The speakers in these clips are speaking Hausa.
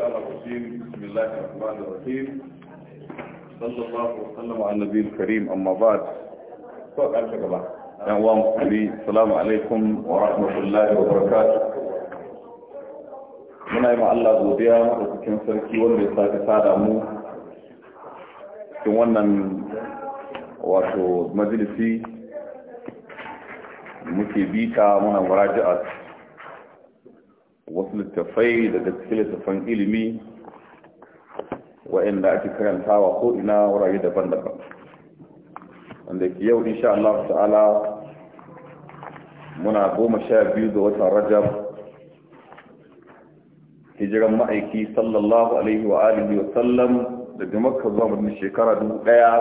الشيطان الرجيم بسم الله الرحمن الرحيم صلى الله وسلم على النبي الكريم أما بعد فقال شكرا يا الله مسلمي السلام عليكم ورحمة الله وبركاته muna yi ma'alla godiya maɗaukakin sarki wanda ya sake sada mu cikin wannan wato majalisi muke bita muna muraja'a wasu littafai daga cikin littattafan ilimi wa'inda ake karantawa ko ina wurare daban-daban wanda ke yau insha Allah ta'ala muna goma sha biyu ga watan rajab hijiran ma'aiki sallallahu alaihi wa alihi wa sallam da makka zuwa mutum shekara dubu ɗaya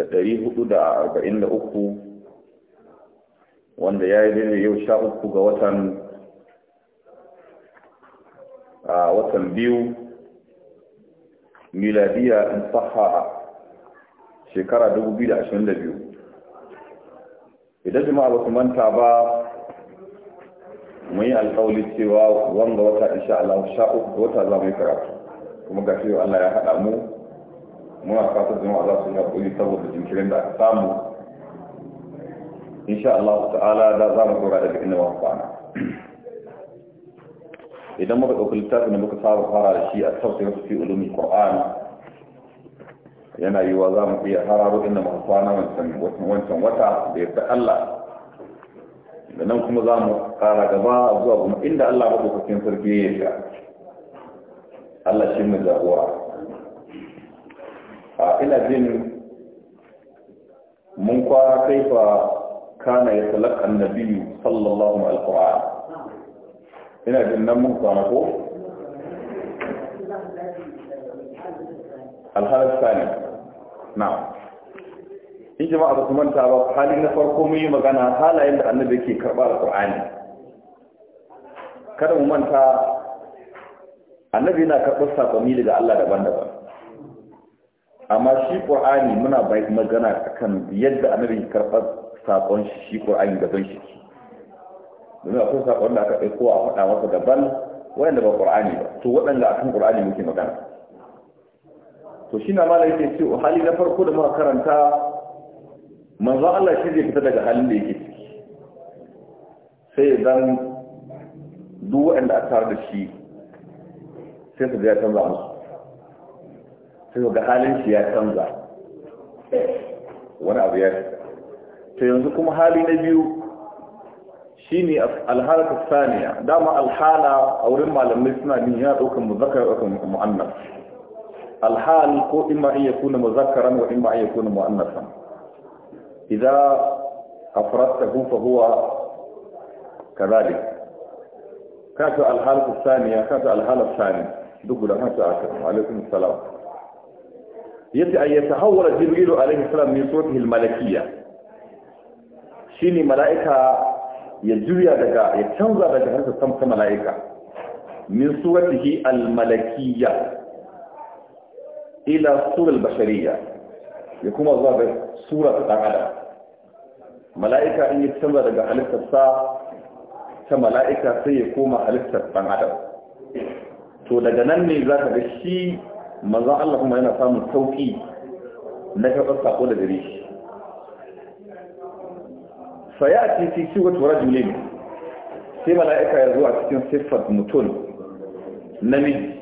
da ɗari hudu da arba'in da uku wanda ya yi daidai yau sha uku ga watan a watan biyu miladiya in saha shekara 2022 idan jima'a ba su manta ba mun yi alkawali cewa wanga wata insha Allah sha uku ga wata za mu yi karatu kuma ga shi Allah ya haɗa mu muna fatan jima'a za su yi haƙuri saboda jinkirin da aka samu insha Allah ta'ala da za mu kora daga inda muka idan muka dauki littafin da muka saba fara da shi a tafsir fi ulumi qur'an yana wa za mu iya hararo inda muka wannan wancan wannan wata da yadda Allah da nan kuma za mu kara gaba zuwa kuma inda Allah cikin sarki ya shiga Allah shi mu jagora a ina jin mun kwa kaifa كان يتلقى النبي صلى الله عليه وسلم القرآن هنا جنة مهتمكو الحالة ne. Na. in jama'a ba su manta ba hali na farko mun yi magana halayen da annabi ke karɓa da ƙur'ani kada mu manta annabi na karɓar saƙonni daga Allah daban-daban amma shi ƙur'ani muna bai magana akan yadda annabi karɓar saƙon shi shi ƙur'ani gaban shi domin akwai saƙon da aka ɗauko a faɗa masa daban wanda ba ƙur'ani ba to waɗanda akan ƙur'ani muke magana to shi na mala yake ce hali na farko da muka karanta manzo Allah shi zai fita daga halin da yake ciki sai zan duk waɗanda aka tare da shi sai su ya canza musu sai ga halin shi ya canza wani abu ya to yanzu kuma hali na biyu shine alhalatu saniya dama alhala a wurin malamai suna bin yana daukan muzakkar daukan mu'annas alhal ko imma an yakuna muzakkaran wa imma an yakuna mu'annasan idza afradtahu fa huwa kadhalik kato alhalatu saniya kato alhalatu sani duk guda kan su aka wa alaikum salam yace ayyata hawala jibril alaihi salam min suratihi almalakiyya shine mala'ika ya juya daga ya canza daga harsa sam ta mala'ika min suratihi al-malakiyya ila surar bashariya ya kuma zuwa ga sura ɗan adam mala'ika in ya canza daga halittar sa ta mala'ika sai ya koma halittar ɗan adam to daga nan ne za ka ga shi manzon Allah kuma yana samun sauƙi na karɓar saƙo da gare shi فيأتي في سورة رجلين في ملائكة يزوع تكون صفة متون نمي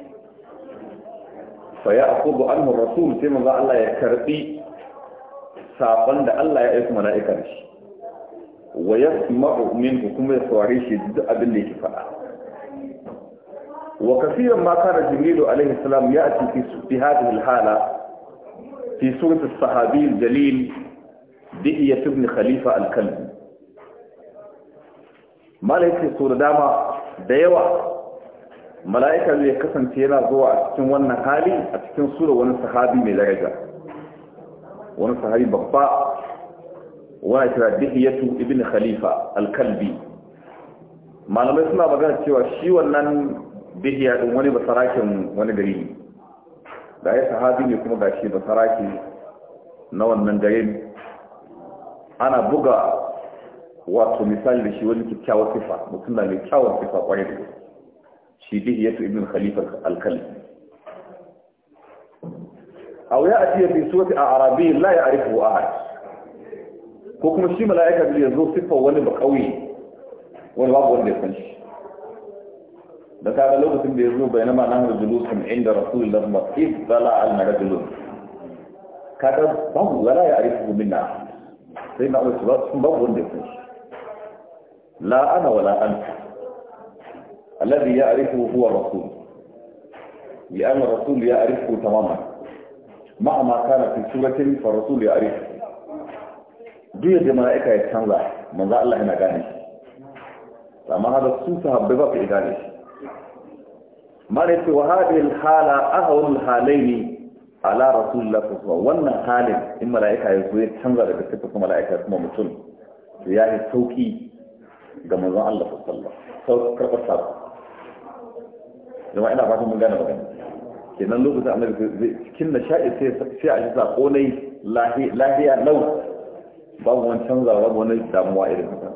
فيأخذ عنه الرسول في ملائكة الله يكربي سابند الله يأخذ ملائكة ويسمع منه حكومة صواريش جد أبن لي وكثيرا ما كان جبريل عليه السلام يأتي في, في هذه الحالة في سورة الصحابي الجليل بئية ابن خليفة الكلب malaika su da dama da yawa mala'ika zai kasance yana zuwa a cikin wannan hali a cikin sura wani sahabi mai daraja wani sahabi babba wani kira dihiyatu ibn khalifa al-Kalbi. malamai suna magana cewa shi wannan bihiya din wani basarakin wani gari ne da ya sahabi ne kuma gashi basaraki na wannan gari. ana buga wato misali da shi wani kyakkyawar sifa mutum na mai kyawar sifa kwarai da gaske shi dihiyatu ibn khalifa al-kalbi aw ya'ti fi suwati arabi la ya arifu ahad ko kuma shi malaika da yazo sifa wani ba kauye wani babu wanda ya san shi da kaga lokacin da yazo bayan ma nan rajulusun inda rasulullahi sallallahu alaihi wasallam ibtala al-rajulun kaga babu wala ya arifu minna sai na wasu babu wanda ya san shi la ana wala anta alladhi ya'rifu huwa rasul li'anna rasul ya'rifu tamaman ma'a ma kana fi suratin fa rasul ya'rifu duk da mala'ika ya canza manzo Allah yana gane shi amma hada su ba su gane shi mare ce hala ahwal al-halayn ala rasulillah sallallahu wannan halin in mala'ika ya ya canza daga sifar mala'ika kuma mutum to ya yi ga manzon Allah sallallahu sau karɓar sa jama'a ina fatan mun gane magana kenan lokacin annabi cikin nishaɗi sai a shi sako nai lahiya lau babu wani canzawa babu wani damuwa irin haka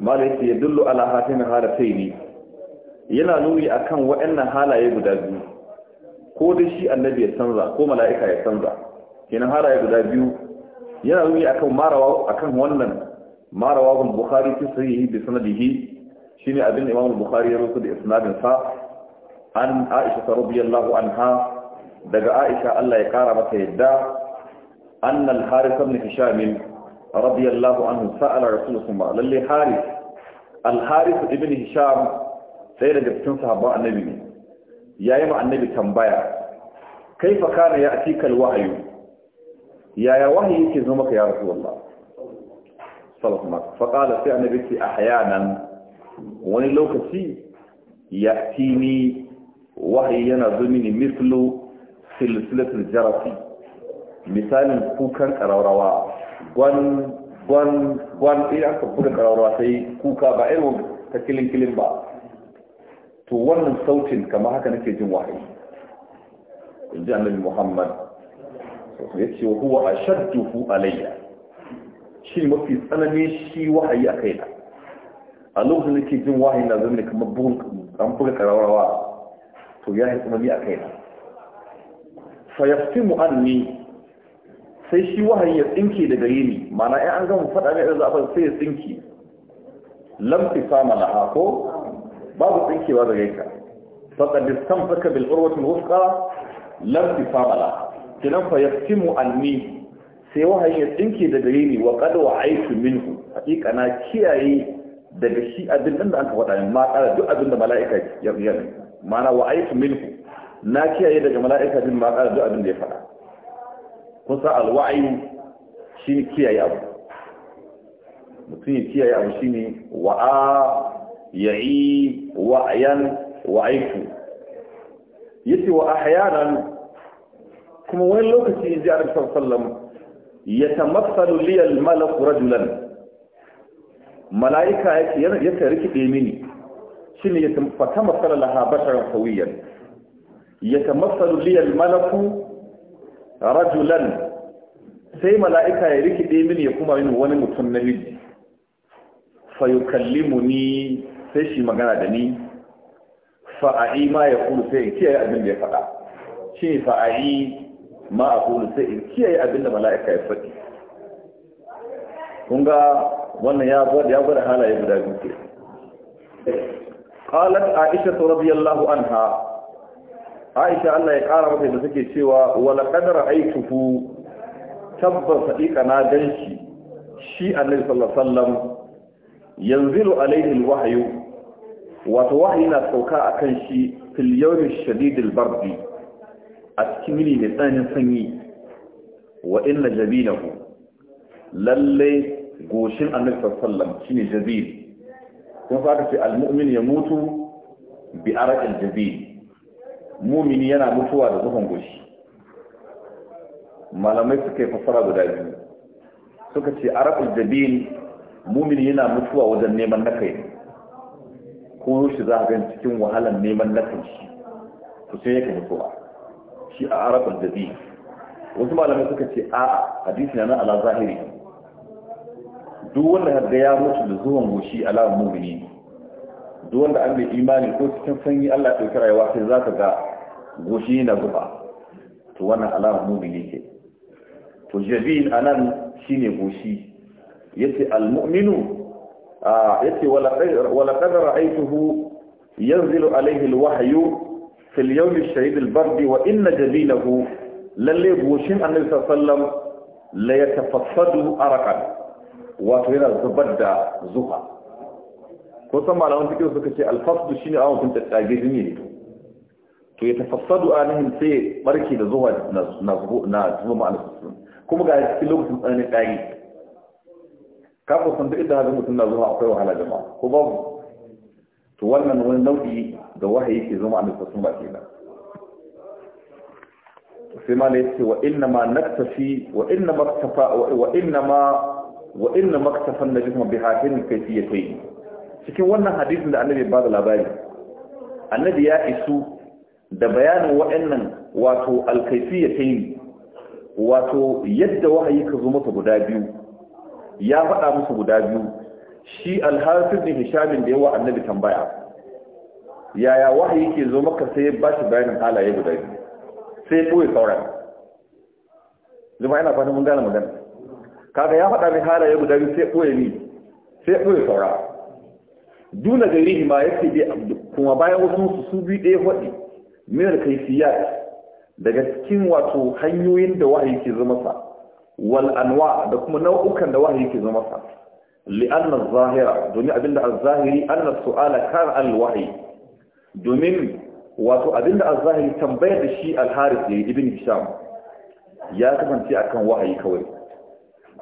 mala yake ya dullu ala hatin halatai ne yana nuni akan waɗannan halaye guda biyu ko da shi annabi ya canza ko mala'ika ya canza kenan halaye guda biyu yana nuni a kan marawa a kan wannan ma rawahu al-bukhari fi sahihi bi sanadihi shine abin imam al-bukhari ya rawaito da isnadin sa an aisha radiyallahu anha daga aisha Allah ya kara mata yadda an al-harith ibn hisham radiyallahu anhu sa'ala rasulullah lalle harith al-harith ibn hisham sai daga cikin sahabban annabi ne yayi ma annabi tambaya kaifa kana ya'tika al-wahyu yaya wahayi yake zo maka ya rasulullah sallallahu faƙala sai annabi ce a hayanan wani lokaci ya tini wahayi yana zo mini mislu silsilatul jarafi misalin kukan ƙararrawa gwan gwan gwan aka buga ƙararrawa sai kuka ba irin ta kilin kilin ba to wannan sautin kama haka nake jin wahayi in ji annabi muhammad ya ce wa huwa ashadduhu alayya shi mafi tsananin shi wahayi a kaina a lokacin da ke jin wahayi na zama kamar bugun an buga kararrawa to ya yi tsanani a kaina fayafi mu'anni sai shi wahayi ya tsinke da gare ni mana ya an gama faɗa mai ɗaza sai ya tsinke lamfi sama na hako babu zai da gaika faɗa distan faka bil'urwatin wufka lamfi sama na kinan fayafi mu'anni sai wahayi ya tsinke daga yini wa qad wa'aytu minhu haqiqa na kiyaye daga shi abin da aka faɗa min ma ƙara duk abin da mala'ika ya yana mana wa'aytu minhu na kiyaye daga mala'ika din ma ƙara duk abin da ya faɗa kun sa shi ne kiyaye abu mutum ya kiyaye abu shine wa'a ya'i wa'yan wa'aytu yace wa ahyanan kuma wani lokaci in ji a sallallahu yatamassalu li al-malak rajulan malaika yake yake rikide mini shine ya fatamassala laha basharan sawiyan yatamassalu li al-malak rajulan sai mala'ika ya rikide mini ya kuma yin wani mutum na miji fayukallimu ni sai shi magana da ni fa'a'i ma ya kulu sai ya kiyaye abin da ya faɗa shi ne fa'a'i ma a kulu sai in kiyaye abinda mala'ika ya faɗi kun ga wannan ya gwada halaye guda biyu ke qalat aisha radiyallahu anha aisha Allah ya kara mata da take cewa wala aiki aituhu tabbas haqiqa na ganshi shi annabi sallallahu alaihi wasallam yanzilu alaihi alwahyu wato wahyi na sauka akan shi fil yawmi shadidil bardi a cikin yini mai tsananin sanyi wa inna jabinahu lalle goshin annabi sallallahu alaihi wasallam shine jabil kun fara ce almu'min ya mutu bi arqil jabil mu'mini yana mutuwa da zuhun goshi malamai suka yi fassara guda biyu suka ce arqil jabil mu'mini yana mutuwa wajen neman na-kai. ko shi za a cikin wahalan neman nakai shi to sai yake mutuwa shi a arafin da bi wasu malamai suka ce a'a hadisi na ala zahiri duk wanda hadda ya mutu da zuwan goshi ala mumini duk wanda an bai imani ko cikin sanyi Allah ya ɗauki rayuwa sai zaka ga goshi na zuba to wannan al'a mumini ce to jabin anan shine goshi yace almu'minu yace wala qadara aituhu yanzilu alayhi alwahyu fil yawmi shahid al bardi wa inna jabilahu lalle boshin annabi sallam la yatafassadu arqan wato yana zubar da zuha ko san malaman fiqh suka ce al fasdu shine awon kun tattage jini ne to ya tafassadu anahin sai barki da zuwa na zuwa na zuwa ma'ana kuma ga cikin lokacin tsananin ɗari kafin san duk inda mutum na zuwa akwai wahala jama'a ko babu to wannan wani nau'i da wahayi ke zama a lokacin ba nan sai ma ya ce wa inna ma naktafi wa inna maktafa wa inna ma wa inna maktafan najma bi hatin cikin wannan hadisin da annabi ba da labari annabi ya isu da bayanin wa'annan wato alkayfiyatayn wato yadda wahayi ka zo masa guda biyu ya faɗa musu guda biyu shi alhafiz bin hishamin da yawa annabi tambaya yaya wahayi yake zo maka sai ba shi bayanin halaye guda biyu sai ya ɓoye sauran Zuma yana fata mun gane magana kaga ya faɗa min halaye guda biyu sai ɓoye ni sai ɓoye saura duna gari ma ya ce abdu kuma bayan wasu su biyu ɗaya faɗi minar siya daga cikin wato hanyoyin da wahayi ke zo sa wal anwa da kuma nau'ukan da wahayi ke zo sa li'anna zahira domin abinda az-zahiri anna su'ala kar al-wahyi domin wato abinda az-zahiri tambayar da shi al-harith ne ibin hisham ya kasance akan wahayi kawai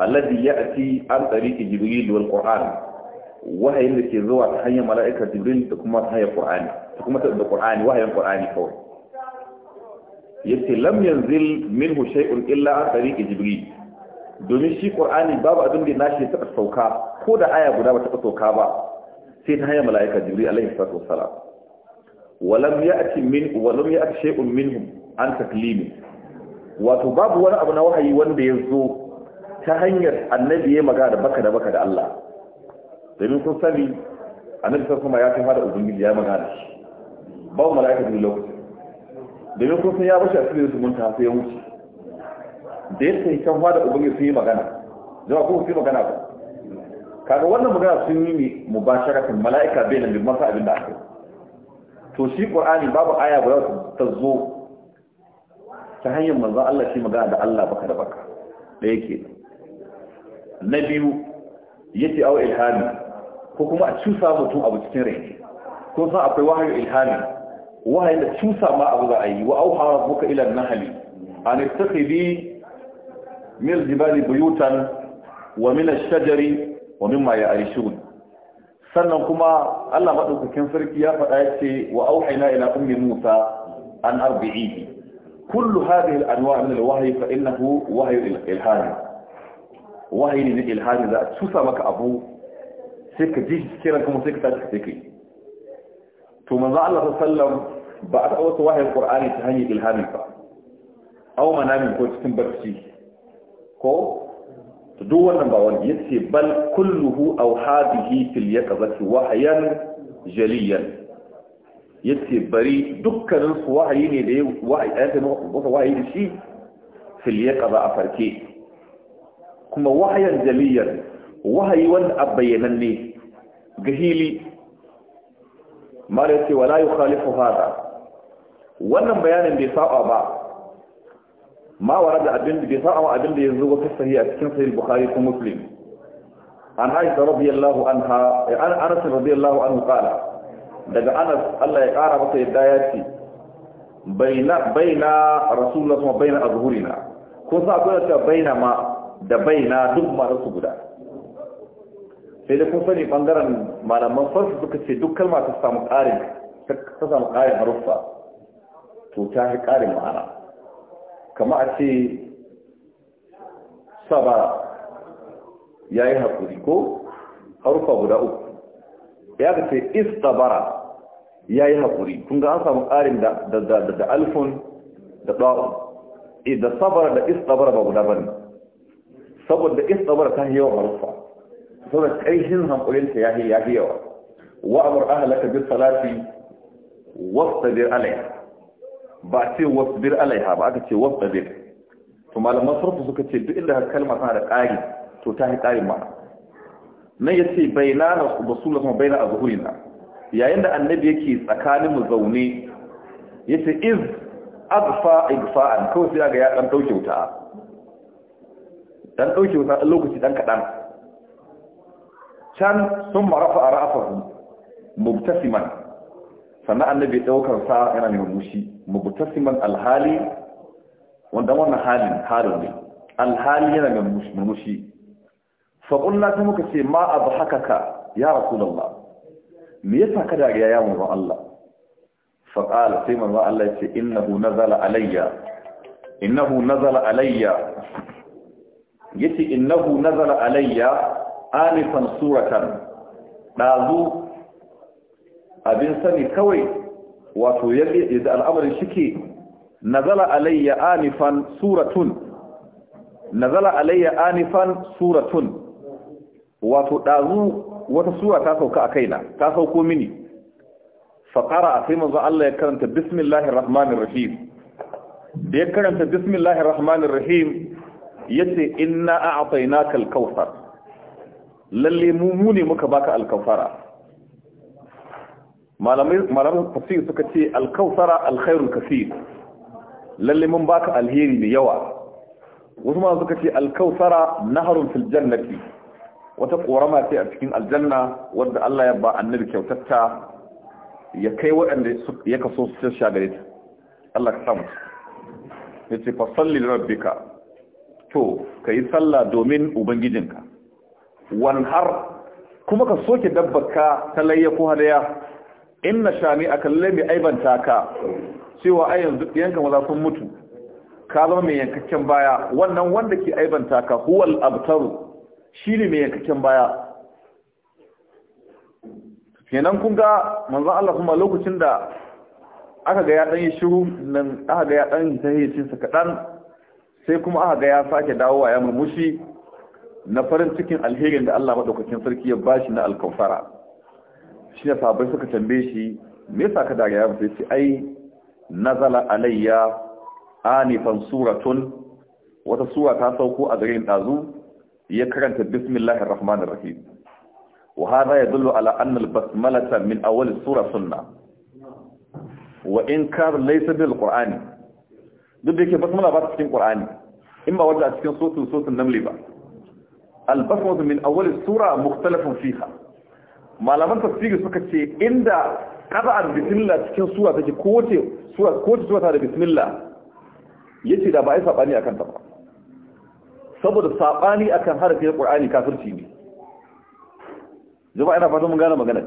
alladhi ya'ti an tariqi jibril wal qur'an wahayin da ke zuwa ta hanyar mala'ikar jibril da kuma ta hanyar qur'ani ta kuma da qur'ani wahayin qur'ani kawai yace lam yanzil minhu shay'un illa an tariqi jibril domin shi ƙur'ani babu abin da nashi ta taɓa sauka ko da aya guda ba taɓa sauka ba sai ta hanyar mala'ika jibril alaihi salatu wassalam walam ya'ti min walam ya'ti shay'un minhum an taklimi wato babu wani abu na wahayi wanda ya zo ta hanyar annabi ya magana baka da baka da Allah domin kun sani annabi sai kuma ya tafa da ubangiji ya magana shi babu malaika jirgin lokaci domin kun san ya bashi a cikin mun ta sai ya wuce da ya sai kan da ubangiji sun yi magana zuwa kuma sun yi magana ba kaga wannan magana sun yi ne mubasharatan mala'ika bai nan masa abin da aka to shi qur'ani babu aya ba ta zo ta hanyar manzon Allah shi magana da Allah baka da baka da yake na biyu yace aw ilhami ko kuma a cusa mutum abu cikin rai ko san akwai wahayu ilhami wahayi da cusa ma abu za a yi wa auha rabbuka ila an-nahli an ittakhidhi min من wa min ومن الشجر ومما يعيشون sannan kuma Allah madaukakin sarki ya faɗa yace wa auhayna ila ummi Musa an arbi'ihi kullu hadhihi al-anwa' min al-wahyi fa innahu wahyu al-ilham wahyi ne ilham da tusa maka abu sai ka ji kiran kuma sai ka tashi sai kai to manzo Allah sallallahu ba a taɓa wasu wahayin ƙur'ani ta hanyar ilhamin ba au manamin ko cikin barci ko to duk wannan ba wani yace bal kulluhu aw hadihi fil yaqzati wahyan jaliyan yace bari dukkanin su wahayi ne da wahayi ayata maka wahayi da shi fil yaqza a farke kuma wahayan jaliyan wahayi wanda a bayyananne ga hili mala yace wala yukhalifu hada wannan bayanin bai saba ba ma da abin da bai sa'a abin da yanzu wata sahiha cikin sahih bukhari ko muslim an aisha radiyallahu anha an anas radiyallahu anhu qala daga anas Allah ya kara masa yadda ya ce baina baina rasulullahi kuma baina azhurina ko sa ko ta baina ma da baina duk ma da su guda sai da kun sani bangaren malaman farsu suka ce duk kalma ta samu ƙarin ta samu ƙarin haruffa to ta fi ƙarin ma'ana kama a ce saba ya yi haƙuri ko harufa guda uku ya ga ce istabara ya yi haƙuri kun ga an samu ƙarin da alfun da ɗa'u eh, da sabara da istabara ba guda bane saboda istabara ta yawa harufa saboda ƙarshen hankulinta ya yi yawa Wa wa'amur ahalaka bi salati wastabir alaiha ba ce wasbir alaiha ba aka ce wasbir to malaman sarfu suka ce duk inda kalma tana da ƙari to ta yi ƙari ma nan ya ce bai na rasulullah kuma bai na azhurina yayin da annabi yake tsakanin mu zaune ya ce iz azfa igfa'an kawai sai ga ya dan dauke wuta dan dauke wuta lokaci dan kadan can sun marafa a ra'afahu mubtasiman sannan annabi daukar sa yana mai mushi mubtasiman alhali wanda wannan halin halin ne alhali yana mai mushi fa qulna ta muka ce ma abhakaka ya rasulullah me yasa ka dariya ya mu Allah fa qala sai manzo Allah ya ce innahu nazala alayya innahu nazala alayya yace innahu nazala alayya anifan suratan dazu abin sani kawai wato yadda al'amarin shike nazala alayya anifan suratun nazala alayya anifan suratun wato dazu wata sura ta sauka a kaina ta sauko mini faqara sai manzo Allah ya karanta bismillahir rahmanir rahim da ya karanta bismillahir rahmanir rahim yace inna a'tainaka al-kautsar lalle mu ne muka baka alkafara malamin tafsir suka ce alkausara alkhairul kasir lalle mun baka alheri mai yawa wasu ma suka ce alkausara naharun fil jannati wata korama ce a cikin aljanna wadda Allah ya ba annabi kyautatta ya kai waɗanda ya kaso su sha gare ta Allah ka samu ya ce fa salli rabbika to ka yi sallah domin ubangijinka wanhar kuma ka soke dabbarka ta layya ko hadaya inna shani a kalle mai aibanta ka cewa a yanzu yankan maza sun mutu ka zama mai yankakken baya wannan wanda ke aibanta ka huwal abtaru shi ne mai yankakken baya kenan kun ga manzan Allah kuma lokacin da aka ga ya ɗan yi shiru nan aka ga ya ɗan yi kaɗan sai kuma aka ga ya sake dawowa ya murmushi na farin cikin alherin da Allah maɗaukakin sarki ya bashi na alkawfara shi ne sabai suka tambaye shi me yasa ka dariya ba sai ai nazala alayya anifan suratun wata sura ta sauko a garin dazu ya karanta bismillahir rahmanir rahim wa hadha yadullu ala anna al basmalata min awwal sura sunna wa in kar laysa bil qur'ani duk da yake basmala ba ta cikin qur'ani in ba wanda a cikin sotun sotun namli ba al basmala min awwal sura mukhtalafun fiha malaman tafsiri suka ce inda a bismillah cikin sura take kowace sura kowace sura ta da bismillah yace da ba ai sabani akan ta ba saboda sabani akan harafin Qur'ani kafirci ne jama'a ina fata mun gane magana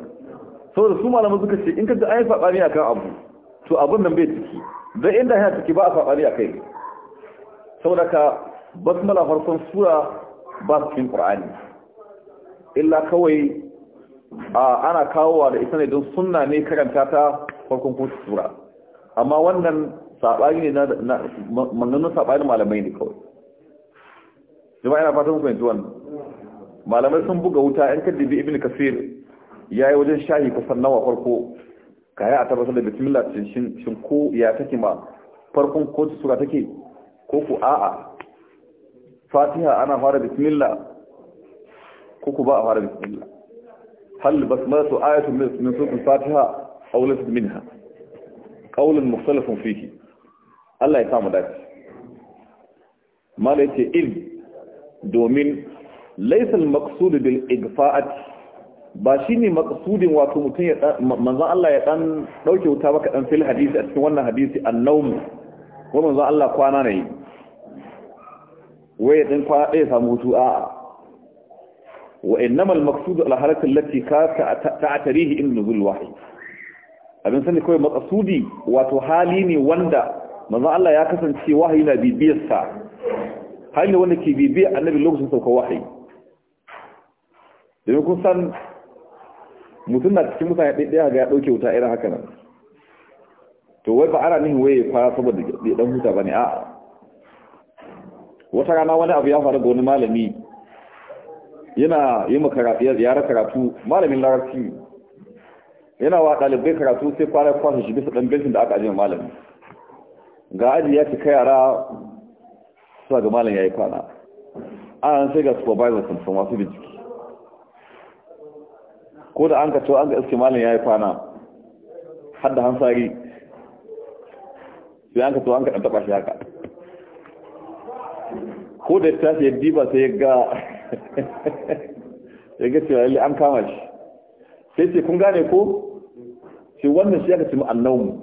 saboda su malaman suka ce in ka ga ai sabani akan abu to abun nan bai ciki da inda yana ciki ba a sabani akai saboda ka basmala farkon sura ba cikin Qur'ani illa kawai ana kawowa da ita ne don suna ne karanta ta farkon kusa tura, amma wannan saɓani ne na manganin saɓani malamai ne kawai jama'a yana fatan fahimci wannan malamai sun buga wuta yan kaddibi ibn kasir ya yi wajen shahi kusan nawa farko ka yi a tabbatar da bismillah shin ko ya take ma farkon kusa tura take ko ku a'a fatiha ana fara bismillah ko ku ba a fara bismillah هل بسملة آية من سورة الفاتحة أو ليست منها قول مختلف فيه الله يتعمل ذلك ما ليس إذ domin laisal maqsud bil igfa'at ba shine maqsudin wato mutun ya manzo Allah ya dan dauke wuta ba kaɗan fil hadisi a cikin wannan hadisi annawm ko manzo Allah kwana samu hutu a وإنما المقصود الحركة التي تعتريه إن نزول الوحي abin sani kawai matsasudi wato hali ne wanda manzon Allah ya kasance wahayi na bibiyarsa hali ne wanda ke bibiyar annabi lokacin sauka wahayi domin kun san mutum na cikin mutane ɗaya ga ya dauke wuta irin haka nan to wai ba ana nihin waye fara saboda dan huta ba ne a'a wata rana wani abu ya faru ga wani malami yana yi yara karatu malamin larabci yana wa ɗalibai karatu sai fara kwasa shi bisa ɗan bentin da aka ajiye malami ga aji ya kai yara suwa ga malam ya yi kwana an sai ga supervisor sun sun wasu bincike ko da an ka cewa an ga iske malam ya yi kwana hadda hansari sai an ka cewa an ka ɗan taɓa shi haka ko da ya tashi ya diba sai ya ga ya ga cewa yalli an kama shi sai ce kun gane ko sai wannan shi aka ce mu annawmu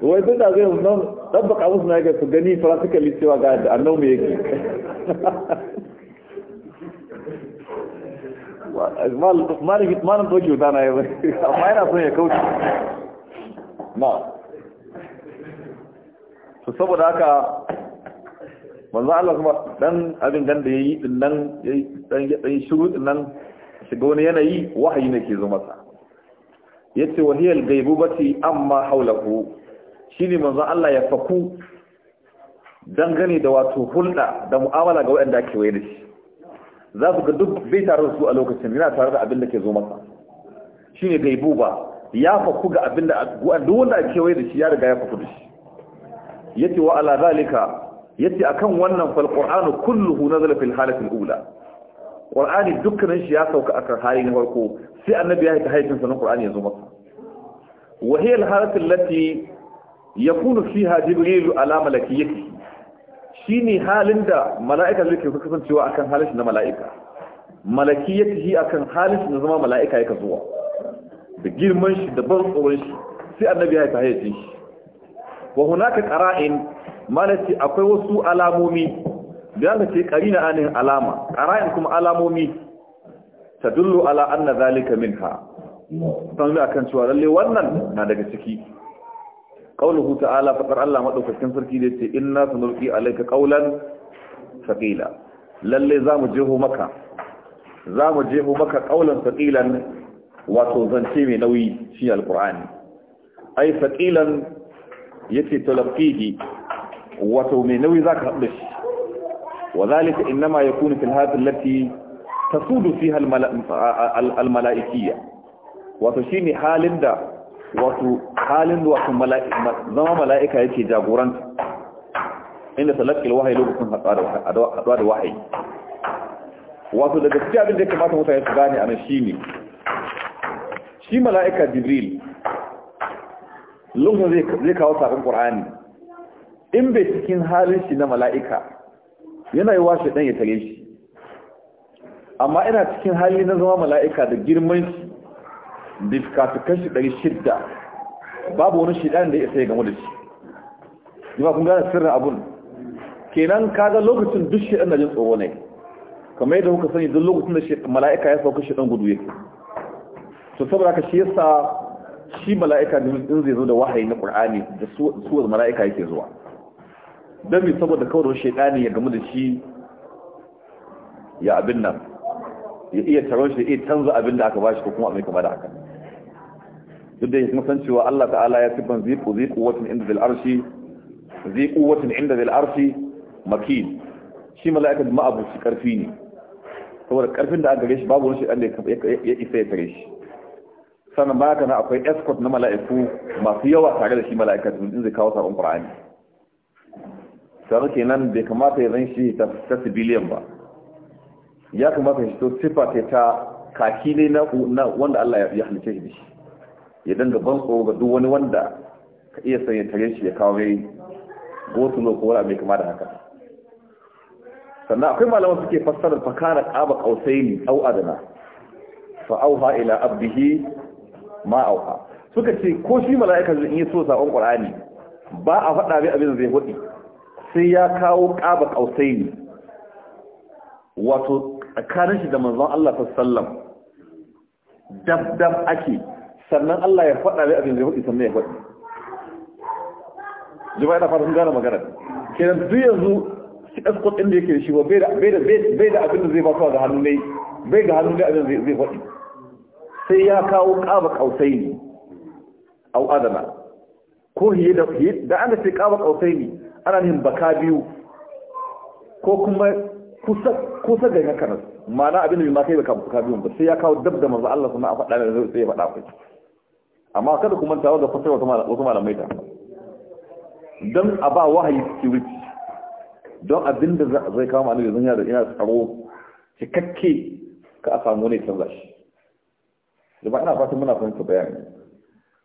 wai duk da zai nan ɗabba musu na ga su gani fara suka licewa ga annawmu yake malin doki wuta na yanzu amma yana son ya kauce na su saboda haka manzo Allah kuma dan abin dan da yayi din nan yayi dan yayi shiru din nan shiga wani yanayi wahayi ne ke zo masa yace wahiyal gaibubati amma haulahu shine manzo Allah ya faku dangane da wato hulɗa da mu'amala ga waɗanda ake waye da shi za su ga duk bai tare da su a lokacin yana tare da abin da ke zo masa shi ne gaibu ba ya faku ga abin da duk wanda a kewaye da shi ya riga ya faku da shi yace wa ala zalika yace akan wannan fal qur'anu kulluhu na fil halati ula qur'ani dukkanin shi ya sauka akan hali na farko sai annabi ya ta haifinsa, na qur'ani ya zo masa wa hiya al halati allati yakunu fiha jibril ala malakiyati ne halin da mala'ika zai ke kasancewa akan halin na mala'ika Malaki a akan halin na zama mala'ika yake zuwa da girman shi da ban tsoron shi sai annabi ya ta haifin shi wa hunaka qara'in malaki akwai wasu alamomi da aka ce na anin alama ƙara'in kuma alamomi ta dullo ala na zalika minha a akan cewa lalle wannan na daga ciki qauluhu ta'ala faɗar Allah madaukakin sarki da yace inna sunulqi alayka qawlan thaqila lalle zamu jeho maka Za zamu jeho maka qawlan saƙilan. wato zance mai nauyi shi Alƙur'ani. ai thaqilan yace talqihi wato mai nauyi za ka haɗu shi وذلك إنما kuni في الهات Ta تسود فيها الملائكية wato shi ne halin da wato halin da wato zama mala'ika yake jagoranta inda talakil wahayi lokacin haɗuwa da wahayi wato daga cikin abin da ya kamata mutane su gane a nan shi ne shi mala'ika jibril lokacin zai kawo sabon ƙur'ani in bai cikin halin shi na mala'ika yana yi washe ɗan ya tare shi amma ina cikin hali na zama mala'ika da girman shi da fikafikan shi ɗari shidda babu wani shidan da ya isa ya gamu da shi jima kun gane sirrin abun kenan kaga lokacin duk shidan na jin tsoro ne kamar yadda kuka sani duk lokacin da mala'ika ya sauka shidan gudu yake to saboda ka shi yasa shi mala'ika in zai zo da wahayi na qur'ani da suwar mala'ika yake zuwa don mi saboda kawarwar shaidani ya gamu da shi ya abin nan ya iya taron shi ya iya canza abin da aka bashi ko kuma abin kama da haka duk da kuma san cewa Allah ta'ala ya sifan Ziku ziqu watin inda zil arshi ziqu watin inda zil arshi makin shi mala'ika da ma'abu shi karfi ne saboda karfin da aka gare shi babu wani shaidan da ya isa ya tare shi sannan ka na akwai escort na mala'iku masu yawa tare da shi mala'ika da zai kawo sabon qur'ani sai kenan bai kamata ya zan shi ta civilian ba ya kamata shi to sifa ta kaki ne na wanda Allah ya halice shi ya danga ban tsoro ga duk wani wanda ka iya sanya tare shi ya kawo mai gosulo ko wani mai kama da haka sannan akwai malaman suke fassarar fakara qaba qausaini au adana auha ila abdihi auha suka ce ko shi mala'ika zai yi so sabon qur'ani ba a faɗa mai abin zai hudu sai ya kawo qaba ƙausaini wato tsakanin shi da manzon Allah wasallam dab dab ake sannan Allah ya faɗa mai abin da ya faɗi sannan ya faɗi jama'a yana fara sun gane magana kenan duk yanzu shi escort ɗin da yake da shi ba bai da abin da zai ba su ga hannu ne bai ga hannu ne abin zai faɗi sai ya kawo ƙaba ƙausai ne au adana ko hiye da hiye da an da ce ƙaba ƙausai ne ana yin baka biyu ko kuma kusa kusa ga haka ma'ana abin da bai ma kai baka baka biyu ba sai ya kawo dab da manzo Allah sannan a faɗa da zai faɗa kai amma kada kuma ta waga fasar wasu malamai ta don a ba wahayi security don abin da zai kawo ma'anar yanzu yana da ina tsaro cikakke ka a samu ne canza shi da ba ina fatan muna fahimta bayani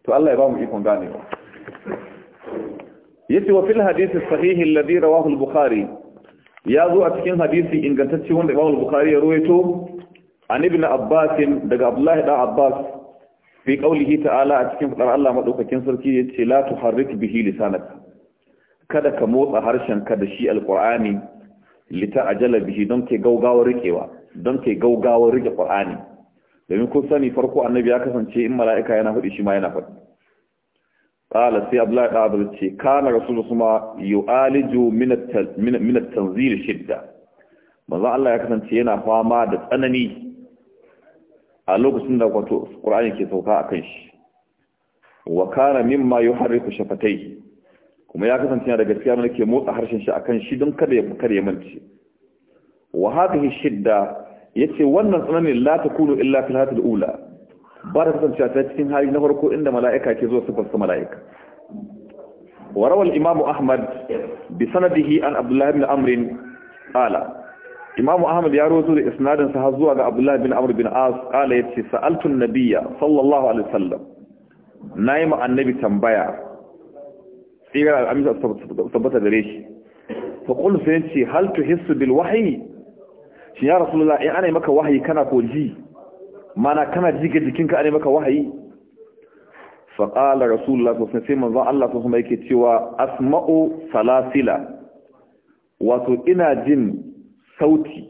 to Allah ya ba mu ikon gane yace wa fil hadith sahih alladhi rawahu al-bukhari ya zo a cikin hadisi ingantacce wanda Imam al-Bukhari ya rawaito an ibn Abbas daga Abdullah ibn Abbas fi kaulihi ta'ala a cikin fadar Allah madaukakin sarki ce, la tuharrik bihi lisanaka kada ka motsa harshen ka da shi alqur'ani lita'ajala bihi don ke gaugawar rikewa don ke gaugawar rike qur'ani domin kun sani farko annabi ya kasance in mala'ika yana fadi shi ma yana fadi qala sai abdullahi da abdul ce kana rasulullahi kuma yu'aliju min at-tanzil shidda manzo Allah ya kasance yana fama da tsanani a lokacin da wato Qur'ani ke sauka akan shi wa kana mimma yuharriku shafatai kuma ya kasance yana da gaskiya mun ke motsa harshen shi akan shi don kada ya kare mance wa hadhihi shidda yace wannan tsananin la takunu illa fil hatil ula ba ta kasance ta cikin hali na farko inda mala'ika ke zuwa sifar sa mala'ika wa rawal imam ahmad bi sanadihi an abdullah ibn amr qala imam ahmad ya rawaito da isnadin sa har zuwa ga abdullahi bin amr bin as qala yace sa'altu an-nabiyya sallallahu alaihi wasallam nayi ma annabi tambaya tsira amsa tabbata gare shi fa qul sai yace hal tuhissu bil wahyi shi ya rasulullah in ana maka wahyi kana ko ji mana kana ji ga jikinka ana maka wahyi fa qala rasulullah sallallahu alaihi wasallam sai Allah sallallahu alaihi wasallam yake cewa asma'u salasila wato ina jin sauti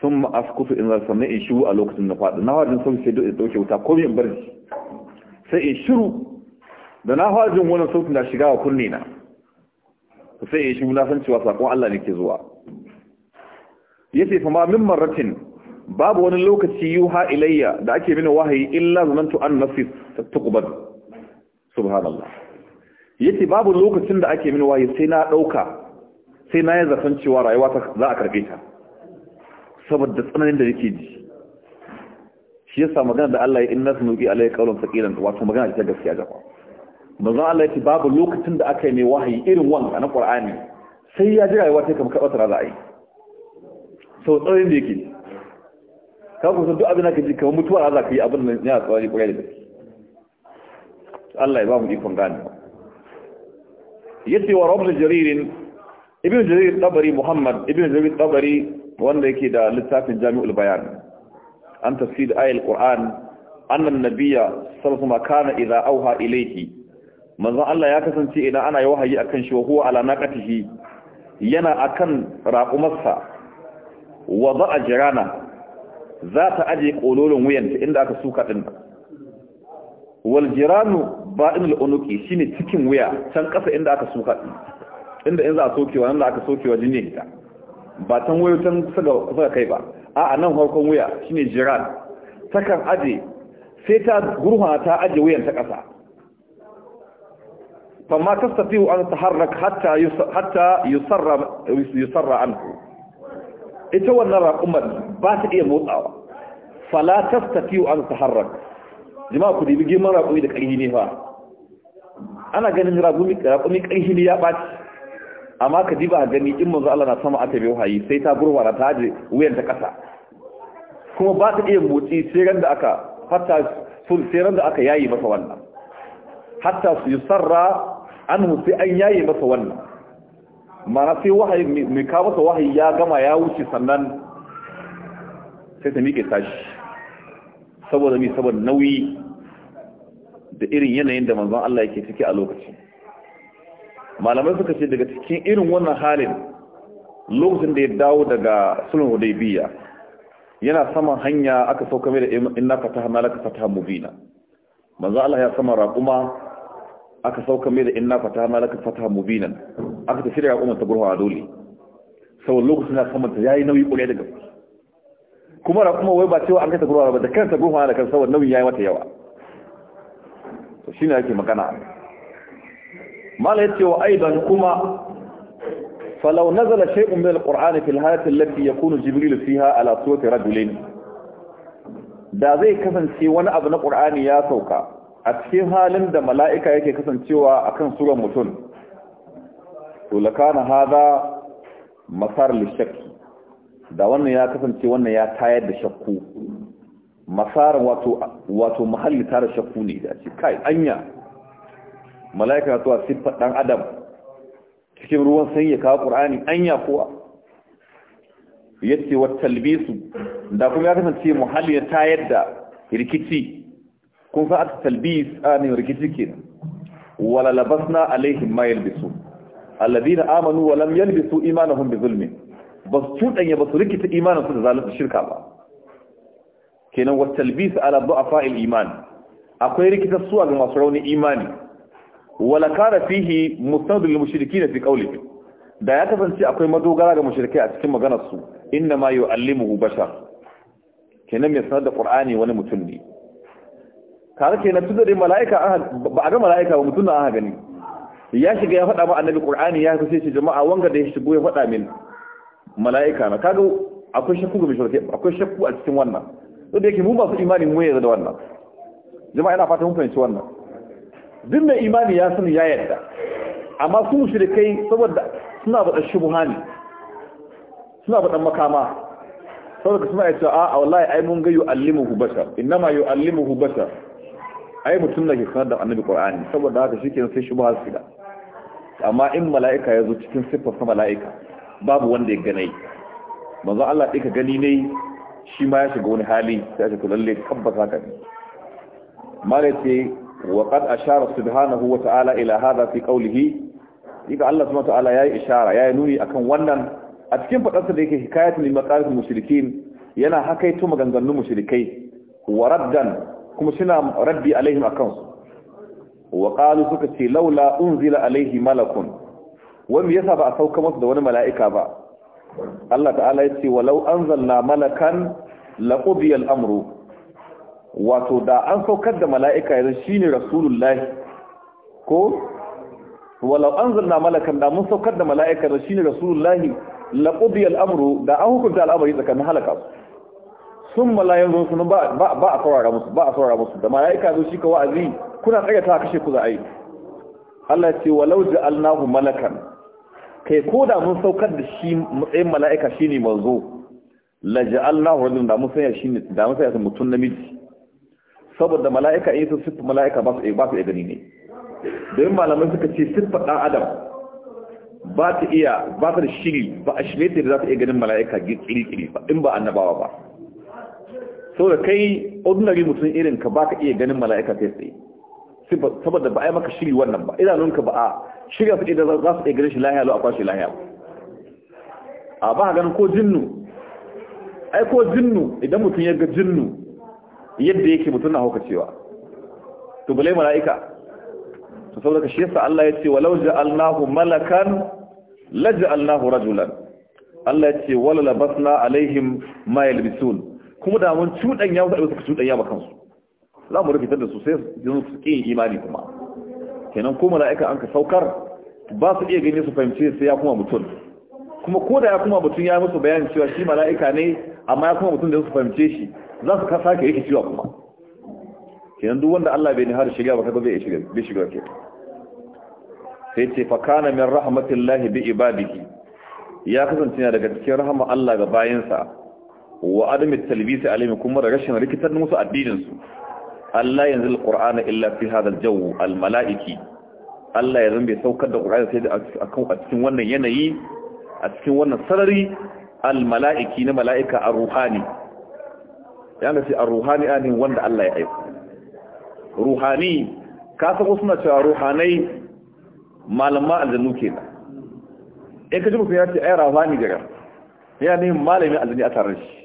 sun ma'askufu in zarsa na in shiru a lokacin na faɗi na hajjin sauti sai duk in ɗauke wuta ko yin barci sai in shiru da na hajjin wani sauti na shiga wa kunne na sai in shiru na san cewa saƙon Allah ne ke zuwa ya ce fama min marratin babu wani lokaci yuha ilayya da ake mini wahayi illa zanantu an ta tuqbad subhanallah Ya ce babu lokacin da ake mini wahayi sai na ɗauka. sai na yi zafin cewa rayuwa za a karbe ta saboda tsananin da yake ji shi yasa magana da Allah ya inna sunuki alai qaulun sakiran wato magana ta gaskiya gaba manzo Allah ya ce babu lokacin da aka yi mai wahayi irin wanga na Qur'ani sai ya ji rayuwa ta kamar karɓar tsara yi sau tsananin da yake ka ku san duk abin da ji kamar mutuwa za ka yi abin da ya tsari kwarai da gaske Allah ya ba mu ikon gane yace wa rabbul jaririn ibn jarir tabari muhammad ibn jarir tabari wanda yake da littafin jami'ul bayan an tafsir ayatul qur'an annan nabiyya sallallahu alaihi kana idza auha ilayhi manzo Allah ya kasance idan ana yi wahayi akan shi wa huwa ala naqatihi yana akan raqumarsa wa ba'a jirana za ta aje kololon wuyanta inda aka suka din wal jiranu ba'in al-unuqi shine cikin wuya can kasa inda aka suka din inda in za a wa nan da aka wa jini ita ba tan wayo tan suka kai ba a nan harkon wuya shine jiran takan aje sai ta gurhuna ta aje wuyan ta ƙasa فما تستطيع an تتحرك hatta hatta yusarra yusarra عنه ita wannan raƙumar ba ta iya motsawa fala tafi an taharrak jama'a ku dibi girman raƙumi da ƙarfi ne fa ana ganin raƙumi raqumi ƙarfi ne ya ɓaci amma ka ba a gani in manzo Allah na sama aka biyo hayi sai ta na ta je wuyan ta kasa kuma ba ta iya motsi sai ran da aka hatta sun sai ran da aka yayi masa wannan hatta su yusarra anhu sai an yayi masa wannan mana sai wahayi mai kawo masa wahayi ya gama ya wuce sannan sai ta miƙe tashi saboda mi saboda nauyi da irin yanayin da manzon Allah yake ciki a lokaci malamai suka ce daga cikin irin wannan halin lokacin da ya dawo daga sulhun hudaybiya yana saman hanya aka sauka mai da inna fatahna laka fataha mubina manzo Allah ya sama raquma aka sauka mai da inna fatahna laka fataha mubina aka tafi da raquma ta gurwa dole sau lokacin da saman ta yayi nauyi kure daga kuma raquma wai ba cewa an kai ta gurwa ba da kanta gurwa da kan sau nauyi yayi mata yawa to shine yake magana mala yace wa aidan kuma falau nazala shay'un min alqur'ani fil hayati allati yakunu jibril fiha ala surati rajulain da zai kasance wani abu na qur'ani ya sauka a cikin halin da mala'ika yake kasancewa akan suran mutum to lakana hada masar lishakki da wannan ya kasance wannan ya tayar da shakku masar wato wato mahalli tare shakku ne da ce kai anya mala'ika na zuwa siffar ɗan adam cikin ruwan sanyi ya kawo ƙur'ani anya kuwa ya ce wa talbisu da kuma ya kasance muhalli na tayar da rikici kun sa aka talbis a ne rikici kenan wala labasna alaihim ma yalbisu alladhina amanu wa lam imanin imanahum bi zulmin bas tudanya bas rikita imanin su da zalunci shirka ba kenan wa talbis ala du'afa al iman akwai rikita suwa ga masu rauni imani wala kana fihi mustadil lil mushrikeena fi qawlihi da ya kasance akwai madogara ga mushrikai a cikin maganar su inna ma yu'allimuhu bashar kenan mai sanar da qur'ani wani mutum ne kare kenan tunda dai mala'ika ba a ga mala'ika ba mutum na aka gani ya shiga ya faɗa ma annabi qur'ani ya kace shi jama'a wanga da ya shigo ya faɗa min mala'ika na kaga akwai shakku ga mushrikai akwai shakku a cikin wannan to da yake mu ba su imani mu yarda da wannan jama'a ina fata mun fahimci wannan duk mai imani ya sani ya yarda amma su mushrikai saboda suna bada shubuhani. suna bada makama saboda suna yace a a wallahi ai mun ga yu'allimuhu bashar innama yu'allimuhu bashar ai mutum ne ke sanar da annabi qur'ani saboda haka shikenan sai shubha su da amma in mala'ika ya zo cikin sifar sa mala'ika babu wanda ya ganai manzo Allah ɗaya ka gani ne shi ma ya shiga wani hali sai ya ce to lalle tabbata ka ne mala ce وقد أشار سبحانه وتعالى إلى هذا في قوله إذا الله سبحانه وتعالى يا إشارة يا نوني أكن ونن أتكين فتنسى ديك حكاية من مقالة المشركين ينا حكيتم غنغنو مشركي وردا كما شنا ربي عليهم أكنس وقالوا سكتي لولا أنزل عليه ملك وم يسا بأسوك مصد ون ملائكة با الله تعالى يتي ولو أنزلنا ملكا لقضي الأمر wato da an saukar da mala'ika yanzu shine rasulullahi ko wala walau anzalna malakan da mun saukar da mala'ika yanzu shine rasulullahi laqudi al'amru da an hukunta al'amari tsakanin halaka sun malayan zo sun ba a saurara musu ba a saurara musu da mala'ika zo shi ka wa'azi kuna tsaya ta kashe ku za a yi Allah ce walau ja'alnahu malakan kai ko da mun saukar da shi matsayin mala'ika shine manzo la ja'alnahu rajulun da mun sanya shine da mun sanya mutum namiji saboda mala'ika in sun siffa mala'ika ba su ba su gani ne don malamai suka ce siffa ɗan adam ba ta iya ba ta da shiri ba a shirye ta da za ta iya ganin mala'ika kiri-kiri ba in ba annabawa ba so da kai ordinary mutum irin ka ba ka iya ganin mala'ika kai tsaye saboda ba a yi maka shiri wannan ba idanunka ba a shirya su idan za su iya ganin shi lahiya lo a kwashe lahiya a ba ganin ko jinnu ai ko jinnu idan mutum ya ga jinnu yadda yake mutum na hauka cewa to bale mala'ika to saboda shi yasa Allah ya ce walau ja'alnahu malakan la ja'alnahu rajulan Allah ya ce wala labasna alaihim ma yalbisun kuma da mun cudan ya su cudan ya bakan za mu rufe da su sai yanzu su ki imani kuma kenan ko mala'ika an ka saukar ba su iya gani su fahimce sai ya kuma mutum kuma ko da ya kuma mutum ya musu bayanin cewa shi mala'ika ne amma ya kuma mutum da su fahimce shi za su kasa ka rikicewa kuma kenan duk wanda Allah bai ni har shiga ba kaga bai shiga bai shiga ke sai ce fa kana min rahmatillahi bi ibadihi ya kasance na daga cikin rahama Allah ga bayansa wa adami talbisi alaihim kuma da rashin rikitar musu addinin su Allah yanzu alqur'ana illa fi hada aljaw almalaiki Allah ya zambe saukar da qur'ani sai a cikin wannan yanayi a cikin wannan sarari almalaiki na mala'ika a ruhani ya nufi a ruhani anin wanda Allah ya aiko ruhani ka san wasu na cewa ruhanai malama aljannu ke da in ka ji mutum ya ce ai ruhani daga ya ne malamin aljannu a tare shi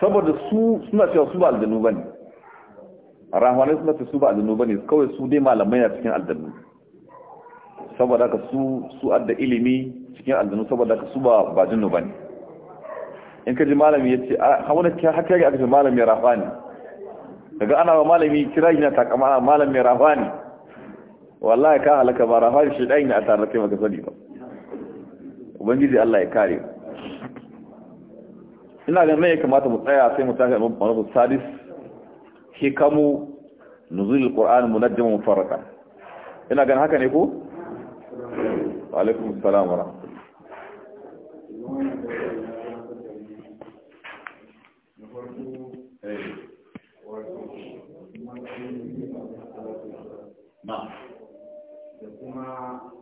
saboda su suna cewa su ba aljannu ba ne rahuwanai suna ce su ba aljannu ba ne kawai su dai malamai a cikin aljannu saboda ka su su adda ilimi cikin aljannu saboda ka su ba jinnu ba ne in ka ji malami ya ce a wani haka yake aka ce malami ya rafa ne daga ana wa malami kira na takama ana malami ya rafa ne wallahi ka halaka ba rafa ne shaidan ne a tare kai maka sani ba ubangiji Allah ya kare ina ga mai kamata mu tsaya sai mu tafi abin manabu sadis hikamu nuzul qur'an munajjam mufarraka ina ganin haka ne ko wa alaikum assalam wa rahmatullahi da kuma